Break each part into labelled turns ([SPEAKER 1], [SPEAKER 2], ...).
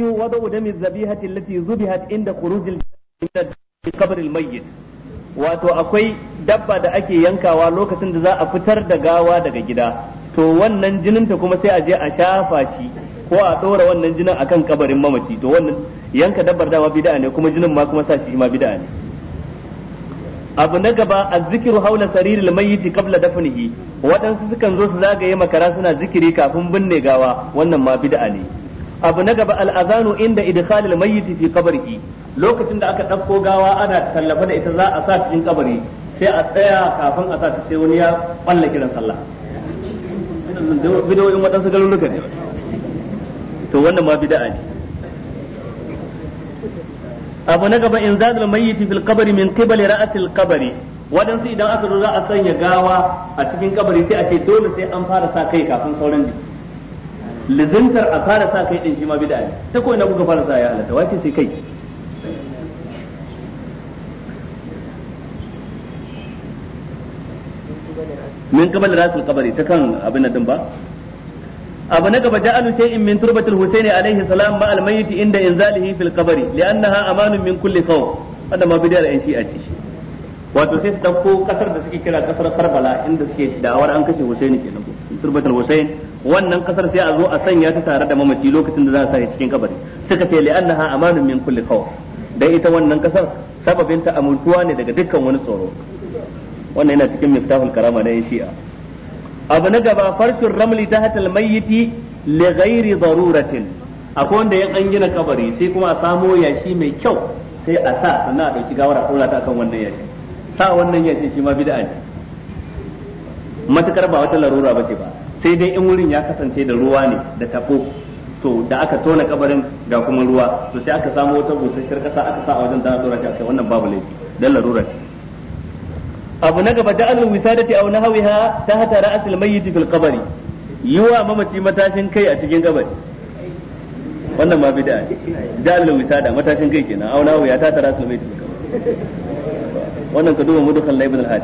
[SPEAKER 1] biyu wadau dami zabihati zubihat inda khurujil kabarin mayyit wato akwai dabba da ake yankawa lokacin da za a fitar da gawa daga gida to wannan jininta kuma sai a je a shafa shi ko a ɗora wannan jinin akan kabarin mamaci to wannan yanka dabbar dama bid'a ne kuma jinin ma kuma sa shi ma bid'a ne abu na gaba azzikiru haula sariril mayyiti qabla dafnihi waɗansu sukan zo su zagaye makara suna zikiri kafin binne gawa wannan ma bid'a ne abu na gaba al'azanu inda idkhalil mayyit fi qabrihi lokacin da aka dauko gawa ana tallafa da ita za a sa cikin kabari sai a tsaya kafin a sa ta sai wani ya balla kiran sallah bidoyin wadansu garuruka ne to wannan ma bid'a ne abu na gaba in zadul mayyit al qabri min qibali al qabri wadansu idan aka zo za a sanya gawa a cikin kabari sai a ce dole sai an fara sa kai kafin sauran jiki lizintar a fara sa kai din shi ma bid'a ne ta ko na kuka fara sa ya halatta wace sai kai min qabl rasul qabri ta kan abin nan ba abu na gaba ja'alu shay'in min turbatil husaini alaihi salam ma al mayyit inda inzalihi fil qabri li'annaha amanun min kulli khawf wanda ma bidiyar shi a ce wato sai su dauko kasar da suke kira kasar Karbala inda suke da'awar an kashe Husaini kenan turbatul husaini. wannan kasar sai a zo a sanya ta tare da mamaci lokacin da za a sa cikin kabari suka ce annaha amanun min kulli khawf dai ita wannan kasar sababin ta amintuwa ne daga dukkan wani tsoro wannan yana cikin miftahul karama na shi'a abu na gaba farshun ramli ta mayyiti li ghairi daruratin akwai wanda ya an gina kabari sai kuma a samo yashi mai kyau sai a sa sannan a dauki gawar a kula ta akan wannan yashi sa wannan yashi shi ma bid'a ne matukar ba wata larura bace ba sai dai in wurin ya kasance da ruwa ne da tabo to da aka tona kabarin ga kuma ruwa to sai aka samu wata busasshiyar kasa aka sa a wajen da dora shi akai wannan babu laifi dan larura ce abu na gaba da'alul wisadati aw nahwiha tahta ra'sil mayyit fil qabri yiwa mamaci matashin kai a cikin kabari wannan ma bid'a ce da'alul wisada matashin kai kenan aw nahwiha tahta ra'sil mayyit fil kabari. wannan ka duba mudukan ibn al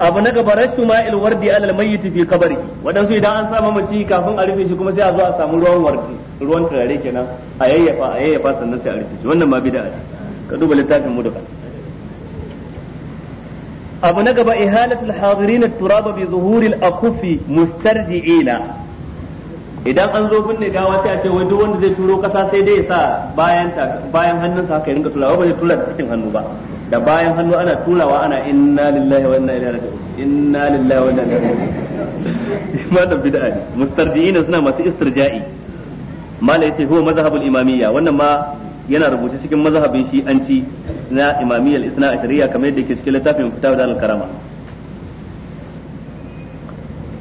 [SPEAKER 1] abu na gaba rashu ma ilwardi alal mayyit fi kabari wadansu idan an samu mace kafin a rufe shi kuma sai a zo a samu ruwan wardi ruwan turare kenan a yayyafa a yayyafa sannan sai a rufe shi wannan ma bid'a ce ka duba littafin mu duka abu na gaba ihalatul hadirin turab bi zuhuril akufi mustarji'ina idan an zo binne gawa sai a ce wai duk wanda zai turo kasa sai dai ya sa bayan bayan hannunsa haka ya rinka turawa ba zai tura cikin hannu ba da bayan hannu ana turawa ana inna lillahi wa inna ilaihi raji'un inna lillahi wa inna ilaihi
[SPEAKER 2] raji'un
[SPEAKER 1] ma bid'a ne mustarji'ina suna masu istirja'i mala yace huwa mazhabul imamiyya wannan ma yana rubuce cikin mazhabin shi shi'anci na imamiyyal isna ashariya kamar yadda yake cikin littafin fitawa da al-karama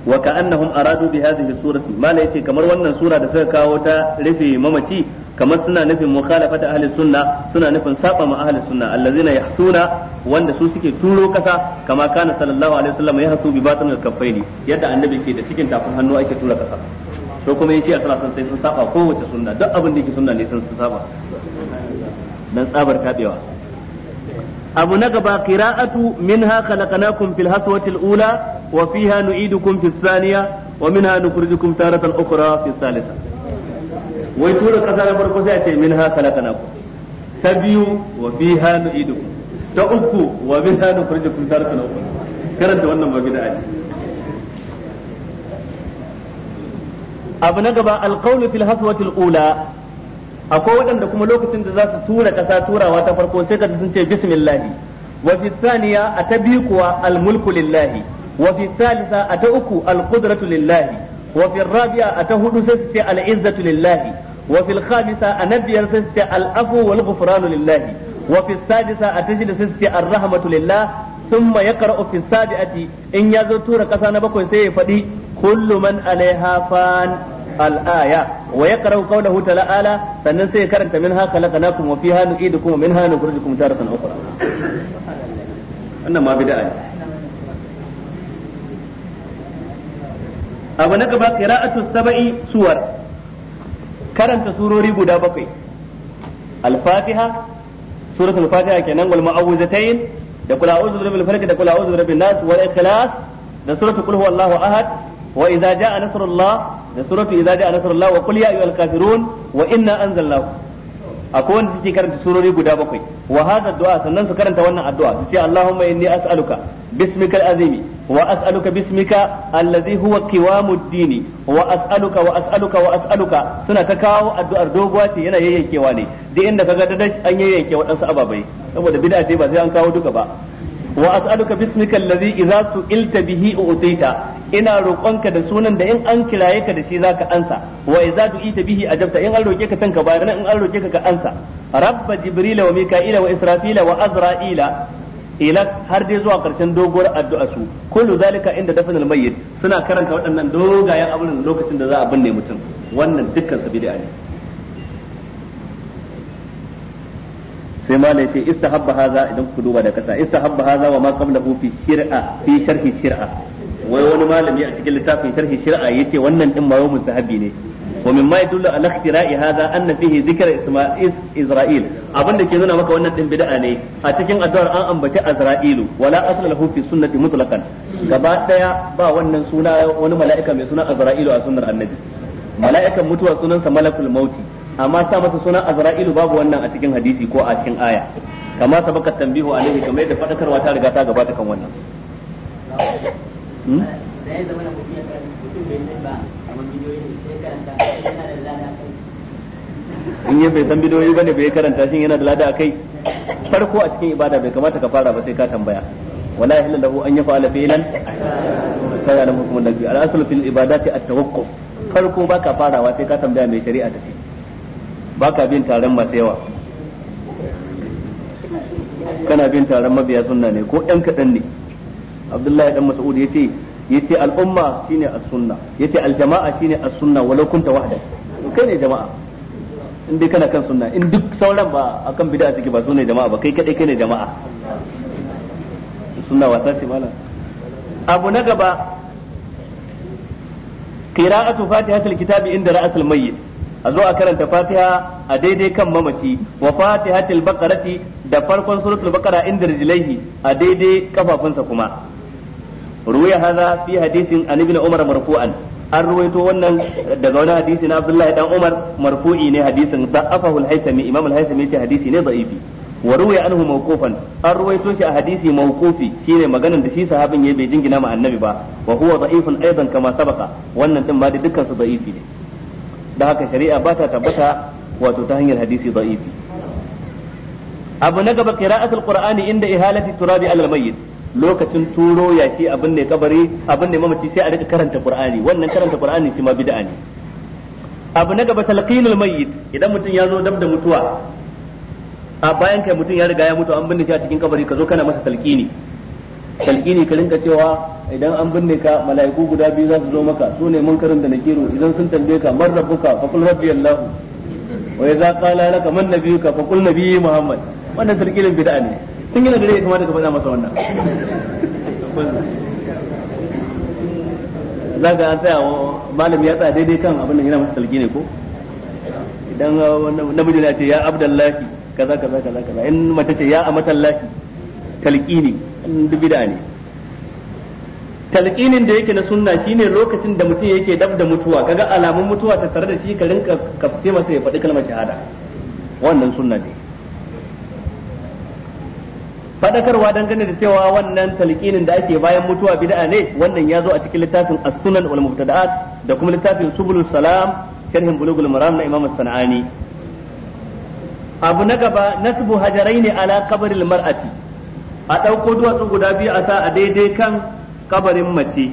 [SPEAKER 1] wa ka'annahum aradu bi hadhihi surati mala yace kamar wannan sura da suka kawo ta rufe mamaci kamar suna nufin mukhalafata ahli sunna suna nufin saba ma ahli sunna allazina yahsuna wanda su suke turo kasa kama kana sallallahu alaihi wasallam ya hasu bi batin al-kaffaini yadda annabi ke da cikin tafin hannu ake tura kasa to kuma yace a sallallahu sai sun saba kowace sunna duk abin da yake sunna ne sun saba dan tsabar tabewa abu na gaba qira'atu minha khalaqnakum fil haswati al-ula wa fiha nu'idukum fis thaniya wa minha nukhrijukum taratan ukhra fis thalithah wai tura kasa na farko sai a ce min ha khalaqnakum ta biyu wa fiha nu'idukum ta uku wa minha nukhrijukum taratan ukhra karanta wannan ba bid'a ne abu na gaba alqawlu fil haswati al-ula akwai waɗanda kuma lokacin da za su tura ƙasa turawa ta farko sai ka sun ce bismillah wa fi thaniya a ta biyu kuwa almulku lillahi wa fi thalitha a ta uku alqudratu lillahi wa fi rabi'a a ta hudu sai su ce al'izzatu lillahi wa fil khamisa anabiyar sai su ce al afu wal ghufranu lillahi wa fil sadisa atashida sai su ce ar rahmatu lillah thumma yaqra'u fil sabi'ati in ya zo tura kasa na bakwai sai ya faɗi kullu man alaiha fan al-aya wa yaqra'u qawluhu ta'ala sannan sai ya karanta wannan na gaba suwar karanta surori guda bakwai al-fatiha suratul fatiha kenan wal ma'awuzatayn da kula a'udhu birabbil falaq da kula a'udhu birabbin nas wal ikhlas da suratul qul huwallahu ahad wa idza jaa nasrullah da suratul idza jaa nasrullah wa qul ya ayyuhal kafirun wa inna anzalnahu akwai wanda suke karanta surori guda bakwai wa hada du'a sannan su karanta wannan addu'a su ce Allahumma inni as'aluka bismikal azim wa as'aluka bismika allazi huwa qiwamuddin wa as'aluka wa as'aluka wa as'aluka suna ta kawo addu'ar doguwa ce yana yayyankewa ne duk inda kaga da an yayyanke wadansu ababai saboda bid'a ce ba sai an kawo duka ba wa as'aluka bismika allazi idza su'ilta bihi u'tita ina roƙonka da sunan da in an kiraye ka da shi zaka ansa wa idza du'ita bihi ajabta in an roƙe ka can ka bayar in an roƙe ka ka ansa rabba jibrila wa mika'ila wa israfila wa azra'ila ila har dai zuwa karshen doguwar addu'a su kullu zalika inda dafanal mayyit suna karanta waɗannan dogayen abin lokacin da za a binne mutum wannan dukkan su bid'a ne sai ma ce istahabba haza idan ku duba da kasa istahabba haza wa ma qablahu fi shir'a fi sharhi shir'a wai wani malami a cikin littafin sharhi shir'a yace wannan din ma wai sahabi ne wa min ma yadullu ala ikhtira'i hadha anna fihi dhikra isma'il izra'il abinda ke nuna maka wannan din bid'a ne a cikin addu'ar an ambaci azra'ilu wala asla lahu fi sunnati mutlaqan gaba daya ba wannan suna wani mala'ika mai suna azra'ilu a sunnar annabi mala'ikan mutuwa sunansa malakul mauti amma sa masa sunan azra'ilu babu wannan a cikin hadisi ko a cikin aya kama sabaka tambihu alaihi kamar yadda fadakarwa ta riga ta gabata kan wannan Hmm? in ya bai san ba bidiyoyi ne bai bane bai karanta shi yana da lada a kai farko a cikin ibada bai kamata ka fara ba sai ka tambaya wala hila lahu an yaf'ala fi'lan ta yi alamun kuma lafi al fil ibada ibadati a tawakko farko ba fara farawa sai ka tambaya mai shari'a ta ce ka bin taron masu yawa kana bin taron mabiya sunna ne ko ɗan kaɗan ne abdullahi dan mas'ud yace yace al'umma shine as-sunna yace al-jama'a shine as-sunna walau kunta wahdak kai ne jama'a in dai kana kan sunna in duk sauran ba akan bid'a suke ba sune jama'a ba kai kadai kai ne jama'a sunna wasa ce malam abu na gaba qira'atu fatihatul kitabi inda ra'asul mayyit a zo a karanta fatiha a daidai kan mamaci wa fatihatil baqarati da farkon suratul baqara inda rijlaihi a daidai kafafunsa kuma ruwaya hadha fi hadisin an ibn umar marfu'an an ruwaito wannan daga wani hadisi na abdullahi dan umar marfu'i ne hadisin da'afahu al-haythami imam al-haythami yace hadisi ne da'ifi wa ruwaya anhu mawqufan an ruwaito shi a hadisi mawqufi shine maganar da shi sahabin ya bai jingina ma annabi ba wa huwa da'ifun aidan kama sabaka wannan din ma da dukkan su da haka shari'a ta wato ta hanyar hadisi da'ifi abu na gaba qira'atul qur'ani inda ihalati turabi alal mayyit lokacin turo ya shi abin ne kabari abin ne mamaci sai a rika karanta qur'ani wannan karanta qur'ani shi ma bid'a ne abu na gaba talqinul mayyit idan mutum ya zo dab da mutuwa a bayan kai mutum ya riga ya mutu an binne shi a cikin kabari ka zo kana masa talqini talqini ka rinka cewa idan an binne ka mala'iku guda biyu za su zo maka su ne munkarin da nakiru idan sun tambaye ka man rabbuka fa qul rabbi allah wa idza qala laka man nabiyuka fa qul nabiyyi muhammad wannan talqinin bid'a ne sun gina da rai kamata ka faɗa masa
[SPEAKER 2] wannan za ka an tsaya
[SPEAKER 1] malam ya tsaya daidai kan abin da yana masa talgi ne ko idan namiji ya ce ya abdallahi kaza kaza kaza kaza in mace ce ya amatallahi talqi ne dubi da ne talqinin da yake na sunna shine lokacin da mutum yake dab da mutuwa kaga alamun mutuwa ta tare da shi ka rinka kafce masa ya faɗi kalmar shahada wannan sunna ne fadakarwa dangane da cewa wannan talqinin da ake bayan mutuwa bid'a ne wannan ya zo a cikin littafin as-sunan wal mubtada'at da kuma littafin subulus salam sharhin bulugul maram na imam as-sanani abu na gaba nasbu hajarain ala qabril mar'ati a dauko duwatsu guda biyu a sa a daidai kan kabarin mace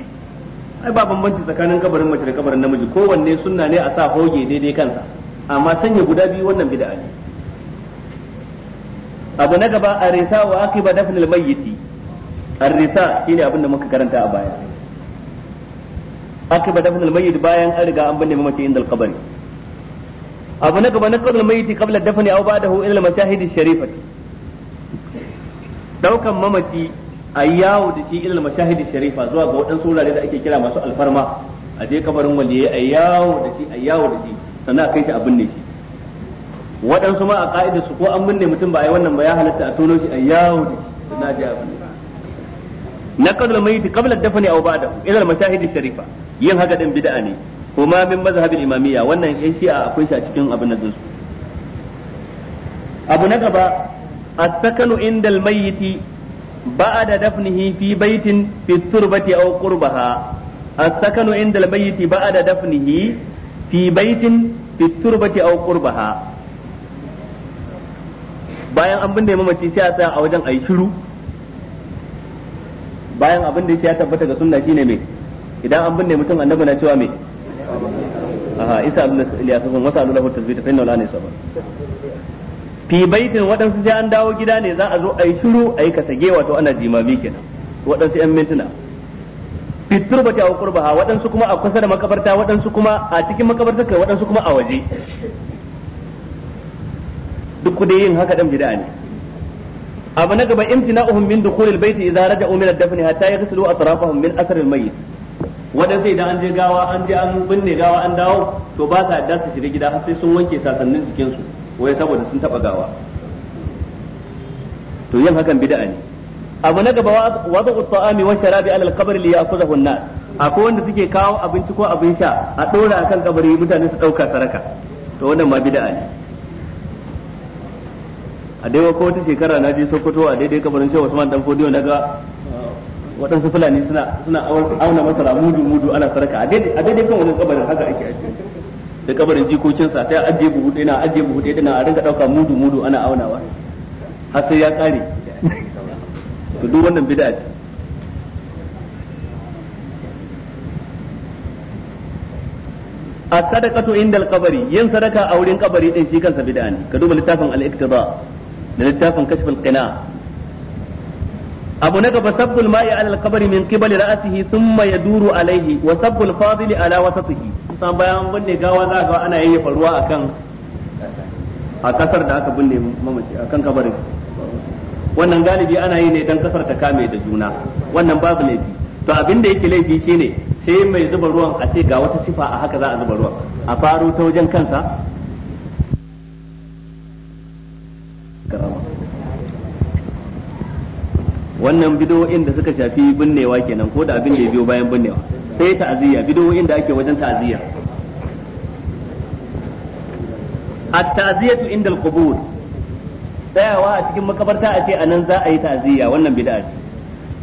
[SPEAKER 1] ai ba bambanci tsakanin kabarin mace da kabarin namiji kowanne sunna ne a sa hoge daidai kansa amma sanya guda biyu wannan bid'a ne abu na gaba a risa wa akiba dafin almayyiti a risa shine ne da muka karanta a baya akiba dafin almayyiti bayan an riga an binne mamaci inda alkabari abu na gaba na qadul mayyiti kabla dafni aw ba'dahu ila al-mashahid ash-sharifati daukan mamaci a yawo da shi ilal mashahidi sharifa zuwa ga waɗansu wurare da ake kira masu alfarma a je kabarin waliyai a yawo da shi a yawo da shi sannan a kai shi a binne shi waɗansu ma a ka'ida su ko an binne mutum ba a yi wannan ba ya halatta a tono shi a yawo da na ji abu na kadul mayyit qabla dafni aw ba'da ila al mashahid sharifa yin haka ɗin bid'a ne kuma min mazhabil imamiyya wannan yan shi'a akwai shi a cikin abin da zinsu. abu na gaba a sakanu inda al mayyit da dafnihi fi baitin fi turbati aw qurbaha as-sakanu inda al mayyit ba'da dafnihi fi baitin fi turbati aw qurbaha bayan an binne mamaci sai a tsaya a wajen ayi shiru bayan abin da ya tabbata ga sunna shine me idan an binne mutum annabi na cewa me aha isa ibn ilyasun wasa lahu tazbita fa innahu la nisaba fi baitin waɗansu sai an dawo gida ne za a zo ayi shiru ayi kasage wato ana jimami kenan waɗansu yan mintuna fitur bata a qurbaha waɗansu kuma a kusa da makabarta waɗansu kuma a cikin makabarta kai waɗansu kuma a waje duk kudai yin haka dan bid'a ne abu na gaba imtina'uhum min dukhulil bayti idza raja'u min ad-dafn hatta yaghsilu atrafahum min athar al-mayyit sai idan an je gawa an je an binne gawa an dawo to ba sa yadda su shiga gida har sai sun wanke sasannin jikin su wai saboda sun taba gawa to yin hakan bid'a ne abu na gaba wada'u taami wa sharabi ala al-qabr li ya'khudhahu an-nas akwai wanda suke kawo abinci ko abin sha a dora akan kabari mutane su dauka saraka to wannan ma bid'a ne a dai ko wata shekara na je Sokoto a daidai kabarin Shehu Usman dan Fodiyo naga uh, waɗansu Fulani suna suna auna masara mudu mudu ana saraka a daidai kan wajen kabarin haka ake ajiye da kabarin jikokinsa sai ajiye buhu ɗaya na ajiye buhu ɗaya na a rinka ɗauka mudu mudu ana aunawa har sai ya ƙare to duk wannan bid'a ce a sadaqatu inda al-qabri yin sadaka a wurin kabari din shi kansa bid'a ne ka duba littafin al iktiba da littafin al qina abu na gaba sabbul ma'i ala al-qabri min qibal ra'sihi thumma yaduru alayhi wa sabbul fadil ala wasatihi san bayan binne gawa za ga ana yayi ruwa akan a kasar da aka binne mamaci akan kabarin wannan galibi ana yi ne dan kasar ta kame da juna wannan babu laifi to abin da yake laifi shine sai mai zuba ruwan a ce ga wata sifa a haka za a zuba ruwan a faro ta wajen kansa wannan bidowoyin da suka shafi binnewa kenan ko da abin da ya biyo bayan binnewa sai ta'aziyya bidowoyin da ake wajen ta'aziyya at-ta'ziyatu inda al-qubur tsayawa a cikin makabarta a ce anan za a yi ta'aziyya wannan bid'a ce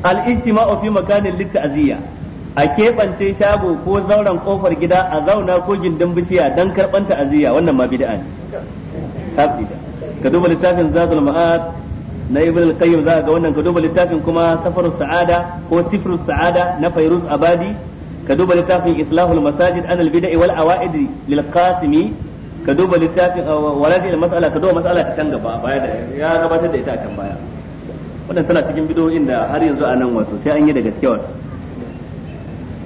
[SPEAKER 1] al-ijtima'u fi makanin lit-ta'ziyya a keɓance shago ko zauren kofar gida a zauna ko gindin bishiya don karban ta'aziyya wannan ma bid'a ne ka duba littafin zadul ma'ad na ibn al-qayyim za ga wannan ka duba littafin kuma safarus sa'ada ko sifrus sa'ada na fairuz abadi ka duba littafin islahul masajid an al-bida'i wal awa'id lil qasimi ka duba littafin uh, waladi al-mas'ala ka duba mas'ala ta can gaba baya da ya gabatar da ita a can baya wannan tana cikin bidoyin da har yanzu a nan wato sai an yi da gaske wato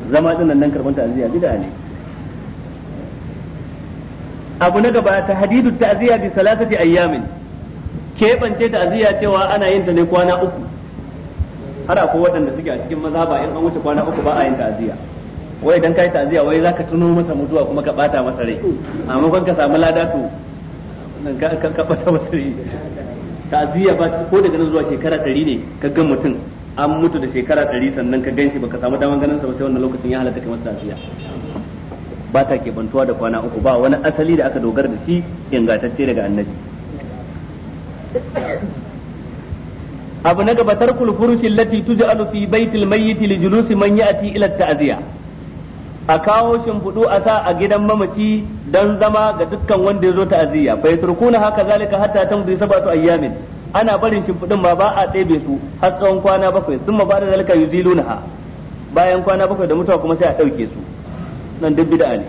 [SPEAKER 1] zama din nan karban ta'aziyya bid'a ne abu na gaba ta hadidu ta'aziyya bi salasati ayyamin keɓance ta'aziyya cewa ana yin ta ne kwana uku har akwai waɗanda suke a cikin mazhaba in an wuce kwana uku ba a yin ta'aziyya wai idan kai ta'aziyya wai zaka tuno masa mutuwa kuma ka bata masa rai amma kan ka samu lada to ka bata masa rai ta'aziyya ba ko daga nan zuwa shekara 100 ne ka ga mutum an mutu da shekara 100 sannan ka ganshi baka samu daman ganin sa ba sai wannan lokacin ya halatta kamar ta'aziyya ba ta ke bantuwa da kwana uku ba wani asali da aka dogara da shi ingantacce daga annabi abu na gaba tarkul furushin lati tuj'alu fi baitil mayyit li julusi man ya'ti ila ta'ziya a kawo shimfiɗu a sa a gidan mamaci dan zama ga dukkan wanda ya zo ta'ziya fa yatrukuna haka zalika hatta tamdi sabatu ayyamin ana barin shimfiɗin ma ba a ɗebe su har tsawon kwana bakwai sun ba da zalika yuziluna bayan kwana bakwai da mutuwa kuma sai a ɗauke su nan duk bid'a ne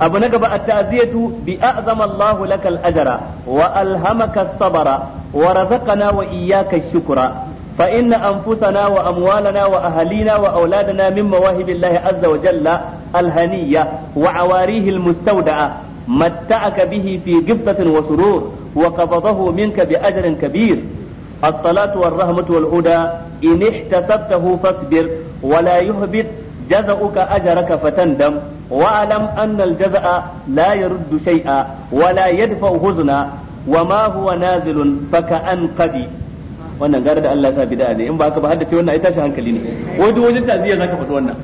[SPEAKER 1] abu na gaba a taziyatu bi a'zama Allah laka al wa alhamaka as-sabra wa razaqana wa iyyaka ash-shukra fa inna anfusana wa amwalana wa ahlina wa auladana min mawahib Allah azza wa jalla al-haniyya wa awarihi al-mustawda'a matta'aka bihi fi gibtatin wa surur wa qabadahu minka bi ajarin kabir as-salatu wa rahmatu wal huda in ihtasabtahu fasbir wa la yuhbit jaza'uka ajraka dam. واعلم أن الجزع لا يرد شيئا ولا يدفع حزنا وما هو نازل فكأن قدي wannan gara da Allah sa bid'a ne in ba ka ba haddace wannan ai tashi hankali ne wai duk wajen ta'ziya zaka fito wannan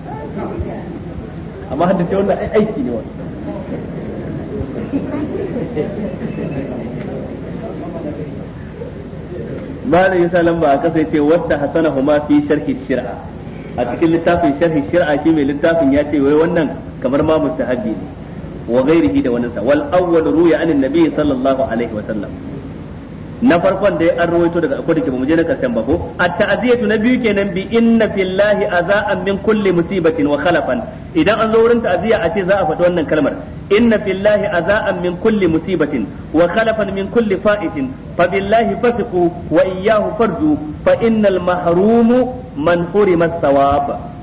[SPEAKER 1] amma haddace wannan ai aiki ne wannan malam yasa lamba a kasa yace wasta hasana huma fi sharhi shir'a a cikin littafin sharhi shir'a shi mai littafin ya ce wai wannan kamar ma mustahabbi ne wa ghairihi da wannan sa wal awwal ruya anin nabi sallallahu alaihi wa sallam na farkon da an rawaito daga akwai dake mu je na karshen ba ko at ta'ziyatu na biyu kenan bi inna fillahi azaan min kulli musibatin wa khalafan idan an zo wurin ta'ziya a ce za a faɗi wannan kalmar inna fillahi azaan min kulli musibatin wa khalafan min kulli fa'itin fa billahi fasiqu wa iyyahu farju fa innal mahrumu man hurima thawab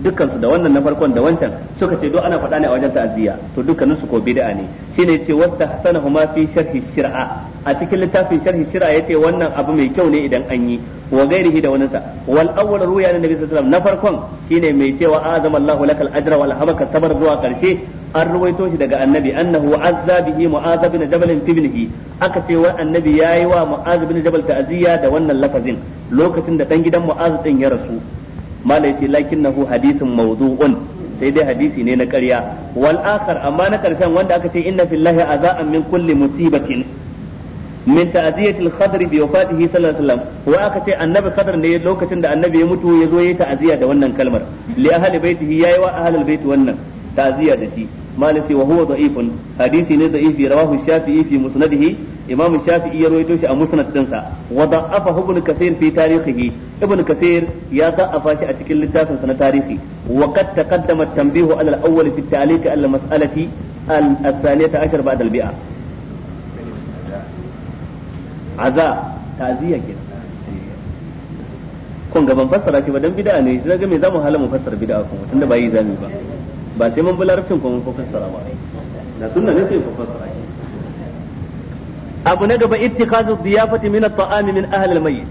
[SPEAKER 1] Dukkansu da wannan na farkon da wancan suka ce do ana faɗa ne a wajen ta'aziyya to dukkanin su ko bid'a ne shine yace wadda ma fi sharhi shir'a a cikin littafin sharhi shir'a yace wannan abu mai kyau ne idan an yi wa gairihi da wani sa wal awwal ruya na nabi sallallahu alaihi wasallam na farkon shine mai cewa azama Allahu lakal ajra wal habaka sabar zuwa karshe an ruwaito shi daga annabi annahu azza bihi mu'az bin jabal aka ce wa annabi yayi wa mu'azabina bin jabal ta'aziyya da wannan lafazin lokacin da dan gidan mu'azu din ya rasu mala yace nahu hadithun mawdu'un sai dai hadisi ne na ƙarya wal akhar amma na karshen wanda aka ce inna fillahi azaan min kulli musibatin min ta'ziyatil khadr bi wafatihi sallallahu alaihi wasallam wa aka ce annabi khadr ne lokacin da annabi ya mutu ya zo yayi ta'ziya da wannan kalmar li ahli baitihi yayi wa ahlul bait wannan ta'ziya da shi malisi wa huwa da'ifun hadisi ne da'ifi rawahu shafi'i fi musnadihi imamu Shafi ya rawaito shi a musnad dinsa wa da'afa ibn kathir fi tarihihi ibn kathir ya da'afa shi a cikin littafin sa na tarihi wa qad taqaddama tanbihu ala al-awwal fi at-ta'liq ala mas'alati al-thaniyata ashar ba'da al-bi'a aza ta'ziya ke kun gaban fassara shi ba dan bid'a ne sai ga me zamu hala mu fassara bid'a kuma tunda ba yi zami ba ba sai mun bi larabcin kuma mun fassara ba da sunna ne sai mu fassara abu na gaba ittikhazu diyafati min at-ta'ami min ahli al-mayyit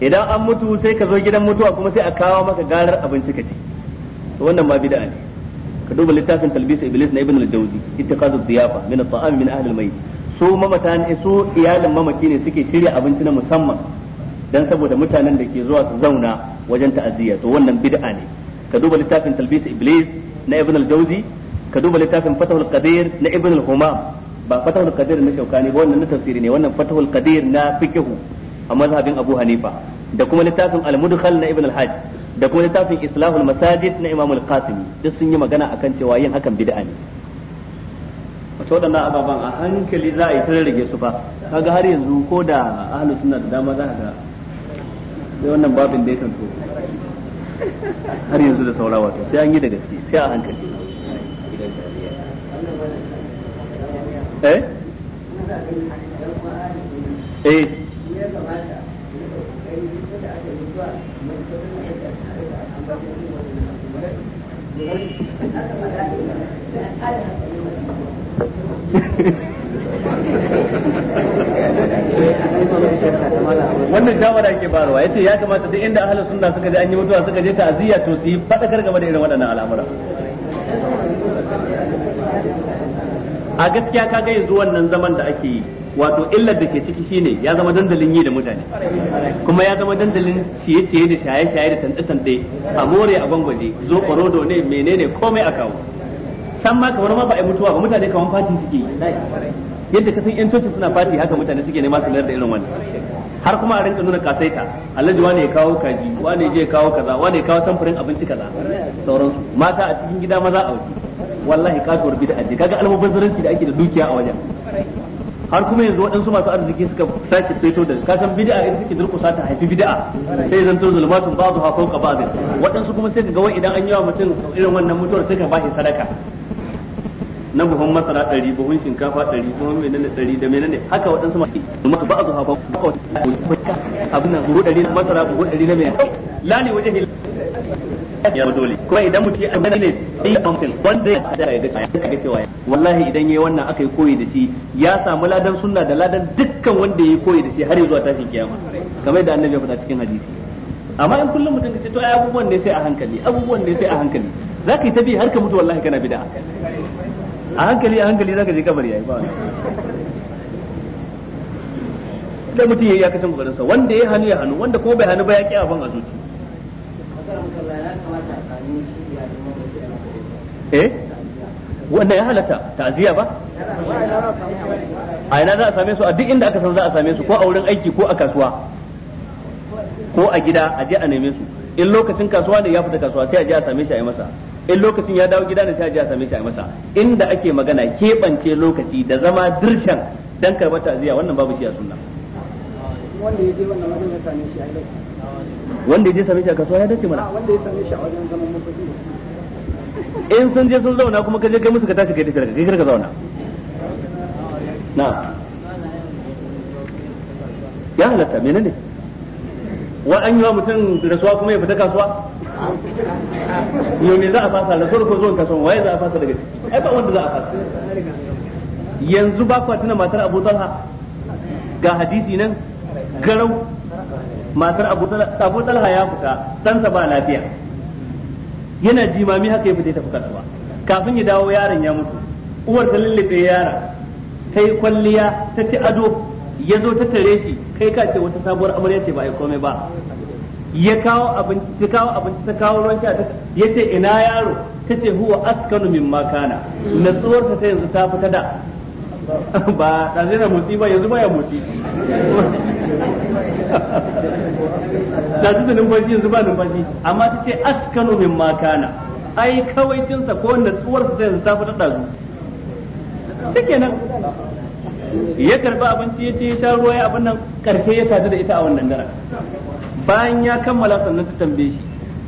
[SPEAKER 1] idan an mutu sai ka zo gidan mutuwa kuma sai a kawo maka garar abinci ka ci wannan ma bid'a ne ka duba littafin talbis iblis na ibn al-jawzi ittikhazu diyafa min at-ta'ami min ahli al-mayyit su mamata ne su iyalin mamaci ne suke shirya abinci na musamman dan saboda mutanen da ke zuwa su zauna wajen ta'aziyya to wannan bid'a ne ka duba littafin talbis iblis na ibn al-jawzi ka duba littafin fatahul qadir na ibn al-humam ba fatahul qadir na shaukani ba wannan na tafsiri ne wannan fatahul qadir na fiqhu a mazhabin Abu Hanifa da kuma littafin al-mudkhal na Ibn al-Hajj da kuma littafin islahul masajid na Imam al-Qasimi duk sun yi magana akan cewa yin hakan bid'a ne wato waɗannan ababen a hankali za a yi tare rage su fa kaga har yanzu ko da ahlus sunna da dama za ka sai wannan babin da ya kan har yanzu da saurawa to sai an yi da gaske sai a hankali Eh? eh wannan shawara ke barowa yace ya kamata duk inda ahlus sunna suka je an yi mutuwa suka je ta'aziyya to su yi fadakar game da irin waɗannan al'amura a gaskiya ka kaga yanzu wannan zaman da ake yi wato illar da ke ciki shine ya zama dandalin yi da mutane kuma ya zama dandalin ciye-ciye da shaye-shaye da tantance a more a gwangwaje zo korodo ne menene komai a kawo san ma kamar ma ba a mutuwa ba mutane kaman fati suke yadda ka san yan tokin suna fati haka mutane suke nema su mayar da irin wani har kuma a rinka nuna kasaita alhaji wane ya kawo kaji wane ya je kawo kaza wane ya kawo samfurin abinci kaza sauransu mata a cikin gida maza a waje wallahi kasuwar bid'a ce kaga almubazzaranci da ake da dukiya a wajen har kuma yanzu waɗansu masu arziki suka sake fito da ka san bid'a idan suke durƙusa ta haifi bid'a sai zanto zulmatun ba'dhu ha fawqa ba'd waɗansu kuma sai ga wai idan an wa mutum irin wannan mutuwar sai ka ba shi sadaka na buhun masara ɗari buhun shinkafa ɗari buhun menene ɗari da menene haka waɗansu masu zulmatu ba'dhu ha fawqa ba'd abin nan buhu ɗari na masara buhu ɗari na menene ni wajen ya zo dole kuma idan mutum ya amana ne sai ya amfil wanda ya da ya ga ya ga cewa wallahi idan yayi wannan aka yi koyi da shi ya samu ladan sunna da ladan dukkan wanda yayi koyi da shi har zuwa tashin kiyama kamar da annabi ya faɗa cikin hadisi amma in kullum mutum ka ce to ai abubuwan ne sai a hankali abubuwan ne sai a hankali zaka yi ta har ka mutu wallahi kana bid'a a hankali a hankali zaka je kabari yayi ba da mutum ya yi yakacin kokarinsa wanda ya hannu ya hannu wanda kuma bai hannu ba ya ƙi abin a zuci eh wanda ya halata ta'aziyya ba a ina za a same su a duk inda aka san za a same su ko a wurin aiki ko a kasuwa ko a gida a je a neme su in lokacin kasuwa ne ya fita kasuwa sai a je a same shi a yi masa in lokacin ya dawo gida ne sai a je a same shi a yi masa inda ake magana keɓance lokaci da zama dirshan dan karɓar ta'aziyya wannan babu shi a sunna wanda ya je wannan wajen ya same shi a yi wanda ya same shi a kasuwa ya dace mana ah, wanda ya same shi a wajen zaman mafaki in sun je sun zauna kuma ka je kai musu ka tashi kai tafi daga kai ka zauna na ya halatta menene wa an yi wa mutum rasuwa kuma ya fita kasuwa yau ne za a fasa da ko zuwan kasuwan waye za a fasa daga ciki ai ba wanda za a fasa yanzu ba kwa tuna matar Abu Talha ga hadisi nan garau matar Abu Talha ya fita ɗansa ba lafiya yana jimami haka ya fita ta fi kasuwa kafin ya dawo yaron ya mutu uwar ta lullufe yara ta yi kwalliya ta ci ado ya zo ta tare shi kai ka ce wata sabuwar amarya ce ba a komai ba ya kawo abinci ta kawo abinci ta kawo ruwan sha ya ce ina yaro ta ce huwa askanu min makana natsuwar ta yanzu ta fita da ba ɗazina zai motsi ba yanzu ya motsi da su da numfashi yanzu ba numfashi amma ta ce askanu min makana ai kawaicinsa ko tsuwar su yanzu ta fi daɗa Ta ke nan ya karba abinci ya ce ya sha ruwa ya abin nan karshe ya sadu da ita a wannan dara. bayan ya kammala sannan ta tambaye shi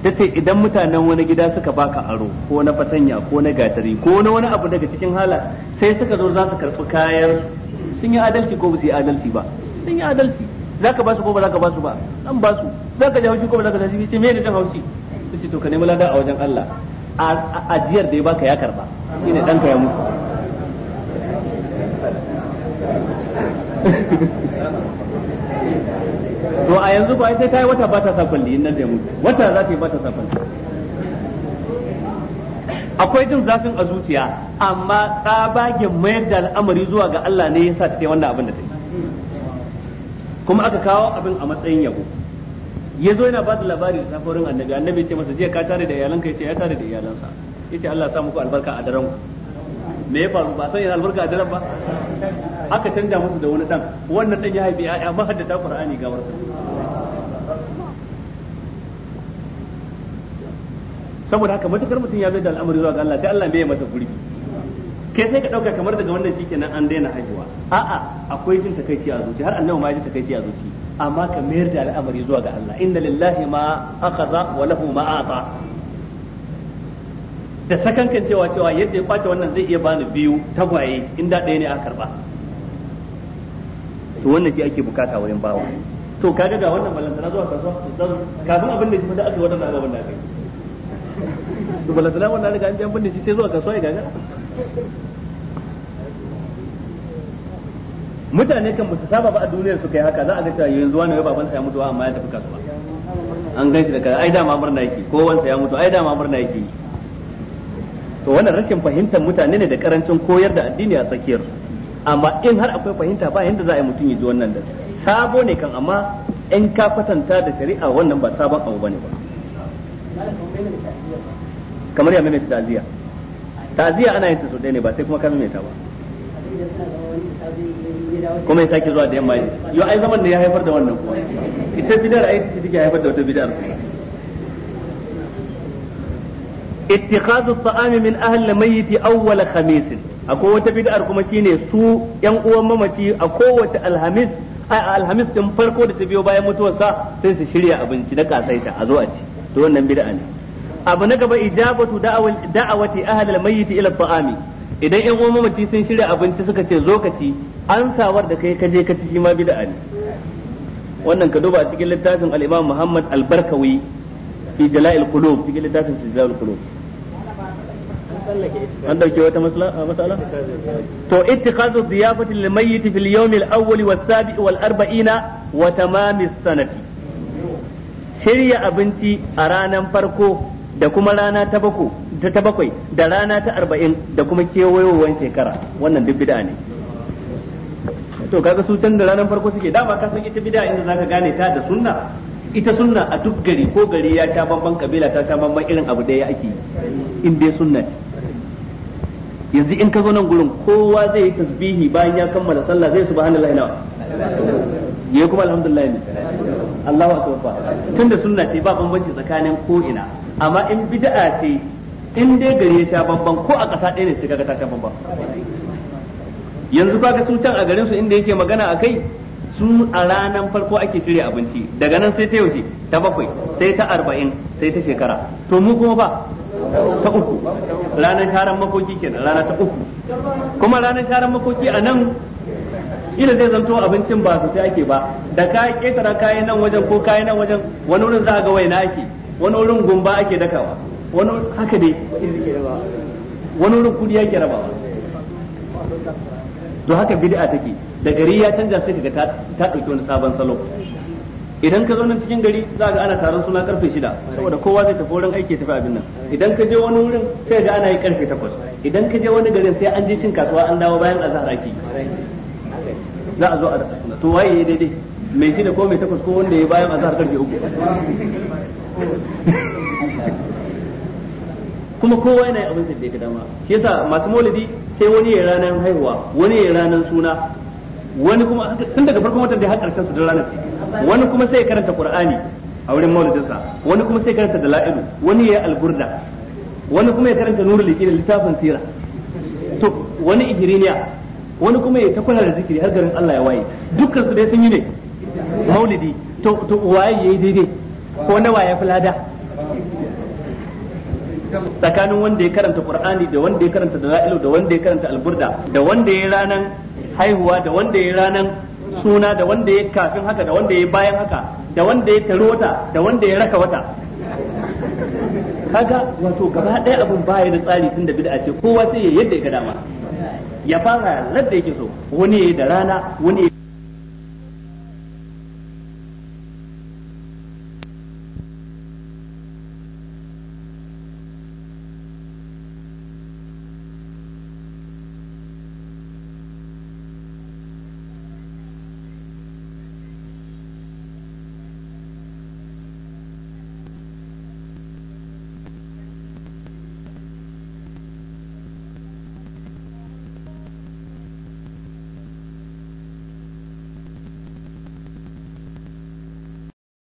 [SPEAKER 1] ta ce idan mutanen wani gida suka baka aro ko na fatanya ko na gatari ko na wani abu daga cikin hala sai suka zo za su karɓi kayan sun yi adalci ko ba su yi adalci ba sun yi adalci zaka ba su ko ba zaka ba su ba dan ba su zaka ji haushi ko ba zaka ji haushi ce me ne dan haushi ce to ka nemi lada a wajen Allah ajiyar da ya baka ya karba shine ka ya mutu
[SPEAKER 2] to a yanzu
[SPEAKER 1] ba sai kai wata bata sa in nan da mutu wata za ta yi bata sa akwai jin zafin a zuciya amma tsabagen mayar da al'amari zuwa ga Allah ne yasa ta yi wannan abin da ta yi kuma aka kawo abin a matsayin yabo ya zo yana ba da labari da safarin annabi annabi ce masa jiya ka tare da iyalanka ya ce ya tare da iyalansa ya ce Allah ya sa muku albarka a daren me ya faru ba san yana albarka a daren ba aka canja musu da wani dan wannan dan ya haifi ya'ya mahaddata qur'ani ga warsa saboda haka matukar mutum ya zai da al'amari zuwa ga Allah sai Allah bai masa gurbi kai sai ka dauka kamar daga wannan shikenan an daina haihuwa a'a akwai jin takaici a zuci har annabi ma ya ji takaici a zuci amma ka mayar da al'amari zuwa ga Allah inna lillahi ma akhadha wa lahu ma ata da sakankan cewa cewa yadda ya kwace wannan zai iya bani biyu tagwaye inda ɗaya ne aka karba to wannan shi ake bukata wurin bawa to kaga ga wannan ballantana zuwa kasuwa kafin abin da shi da aka wadannan ababen da aka yi to ballantana wannan riga an ji an binne shi sai zuwa kasuwa ya gaga mutane kan mutu saba ba a duniyar su yi haka za a ga cewa yanzu wani ya babansa ya mutu amma ya tafi kasuwa an gan shi da kai ai dama murna yake ko wansa ya mutu ai dama murna yake to wannan rashin fahimtar mutane ne da karancin koyar da addini a tsakiyar su amma in har akwai fahimta ba yanda za a yi mutum ya ji wannan da sabo ne kan amma in ka kwatanta da shari'a wannan ba sabon abu bane ba kamar ya mai ta'aziyya ta'ziya ana yin ta ne ba sai kuma ka mai ta ba kuma ya sake zuwa da yamma yau ai zaman ne ya haifar da wannan kuwa ita bidar ai ce take haifar da wata bidar ittikhadhu at-ta'ami min ahli al-mayyit awwal khamis akwai wata bid'ar kuma shine su yan uwan mamaci a kowace alhamis a alhamis din farko da ta biyo bayan mutuwarsa sai su shirya abinci na kasaita a zo a ci to wannan bid'a ne abu na gaba ijabatu da'awati ahlal mayyit ila ta'ami idan yan uwan mamaci sun shirya abinci suka ce zo ka ci an sawar da kai ka je ka ci shi ma bid'a ne wannan ka duba a cikin littafin al-Imam Muhammad al-Barkawi fi jala'il qulub cikin littafin jala'il qulub an dauke wata masala to ittikhazu ziyafati lil mayyit fil yawm al awwal was sabi wal arba'ina wa tamam as sanati shirya abinci a ranar farko da kuma rana ta bako ta bakwai da rana ta arba'in da kuma kewayowar shekara wannan duk bid'a ne to kaga su can da ranar farko suke dama ka san ita bid'a inda zaka gane ta da sunna ita sunna a duk gari ko gari ya sha bambam kabila ta sha bambam irin abu da ya ake in dai sunna yanzu in ka zo nan gurin kowa zai yi tasbihi bayan ya kammala sallah zai subhanallahi nawa ya kuma alhamdulillah ne Allahu akbar tunda sunna ce ba bambanci tsakanin ko ina amma in bid'a ce in dai gari ya sha bambam ko a ƙasa ɗaya ne sai kaga ta sha bambam. yanzu kaga su can a garin su inda yake magana a kai su a ranar farko ake shirya abinci daga nan sai ta yaushe ta bakwai sai ta arba'in sai ta shekara to mu kuma ba ta uku ranar sharan makoki kenan rana ta uku kuma ranar sharan makoki a nan ila zai zanto abincin ba su sai ake ba da ka ketara kayan nan wajen ko kayan nan wajen wani wurin za a ga waina ake wani wurin gumba ake dakawa wani haka dai wani wurin kudi ake rabawa to haka bid'a take da gari ya canza sai kaga ta ta dauki wani sabon salo idan ka zo nan cikin gari za ga ana taron suna karfe 6 saboda kowa zai tafi wurin aiki tafi abin nan idan ka je wani wurin sai ga ana yi karfe 8 idan ka je wani garin sai an je cin kasuwa an dawo bayan azhar ake za a zo a da suna to waye daidai mai shida ko mai takwas ko wanda ya bayan azhar karfe 3 kuma kowa yana abin da ya dama shi yasa masu maulidi sai wani ya ranar haihuwa wani ya ranar suna wani kuma tun daga farkon watan da har karshen su da ranar wani kuma sai ya karanta qur'ani a wurin maulidinsa wani kuma sai ya karanta dala'ilu wani ya alburda wani kuma ya karanta nurul da littafin sira to wani ijiriniya wani kuma ya takwala da zikiri har garin Allah ya waye dukkan su dai sun yi ne maulidi to to waye yayi daidai ko nawa ya fi lada tsakanin wanda ya karanta qur'ani da wanda ya karanta dalailu da wanda ya karanta alburda da wanda ya ranan haihuwa da wanda ya ranan suna da wanda ya kafin haka da wanda ya bayan haka da wanda ya taro wata da wanda ya raka wata kaga wato gaba ɗaya abin baya da tsari tun da bid'a ce kowa sai ya yadda ya ga dama ya fara ladda yake so wani ya da rana wani ya